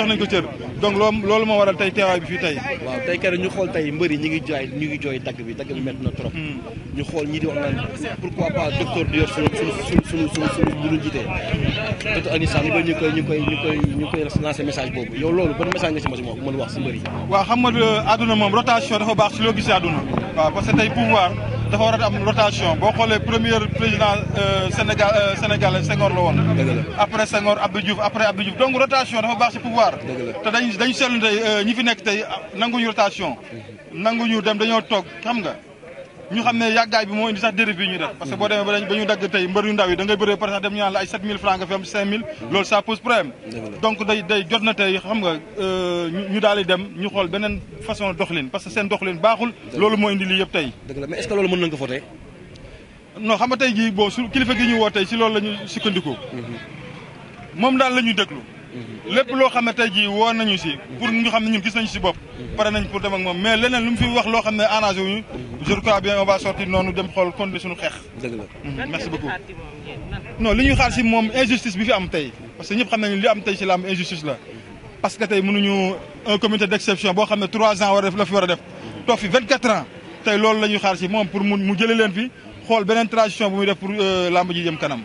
jox nañ ko cër donc loolu loolu moo waral tey teewaay bi fii tey waaw tey keroog ñu xool tey mbëri ñi ngi jooy ñu ngi jooy dagg bi dagg bi métti na trop hmm. ñu xool ñi di wax naan pourquoi pas docteur Dior suñu suñu suñu suñu suñu buñu jiitee docteur Alioune Sarr ñu koy ñu koy ñu koy ñu koy ñu koy lancé message boobu yow loolu ban message nga si mos mën wax si mbëri waaw xam nga euh, àdduna moom rotation dafa baax si loo gisee àdduna waaw parce que tey pouvoir dafa war a rotation boo xoolee premier président euh, Sénégal euh, sénégalais Senghor la woon. après Senghor Abdou Diouf après Abdou Diouf rotation dafa baax ci pouvoir. te dañ dañu seetlu tey euh, ñi fi nekk tey ah, nangu ñu rotation. nangu mhm. nanguñu dem dañoo toog xam nga. ñu xam ne yàggaay bi moo indi sax dérive bi ñuy def parce que boo demee ba ñu dagg tey mbër yu ndaw yi da bëree ay day day na tey xam nga euh, ñu daal di dem ñu xool beneen façon doxalin parce que seen doxalin baaxul loolu moo indi lii yëpp tey dëgg la mais xam nga tey jii boo su kilifa gi ñu woo tey si loolu la ñu sukkandiku mm-hmm. moom daal la ñuy déglu lépp loo xam ne tey jii woo nañu si pour ñu xam ne ñu gis nañu si bopp pare nañ pour dem ak moom mais leneen lu mu fi wax loo xam ne arrangé wuñu je crois bien on va sortir noonu dem xool continuer suñu xeex mm, merci beaucoup non li ñuy xaar si moom injustice bi fi am tey parce que ñëpp xam nañu li am tey si la am injustice la parce que tey mënuñu un comité d'exception boo xam ne trois ans war a def la fi war a def toog fi vingt quatre ans tey loolu la ñuy xaar si moom pour mu jëlee leen fi xool beneen transition bu muy def pour euh, làmb kanam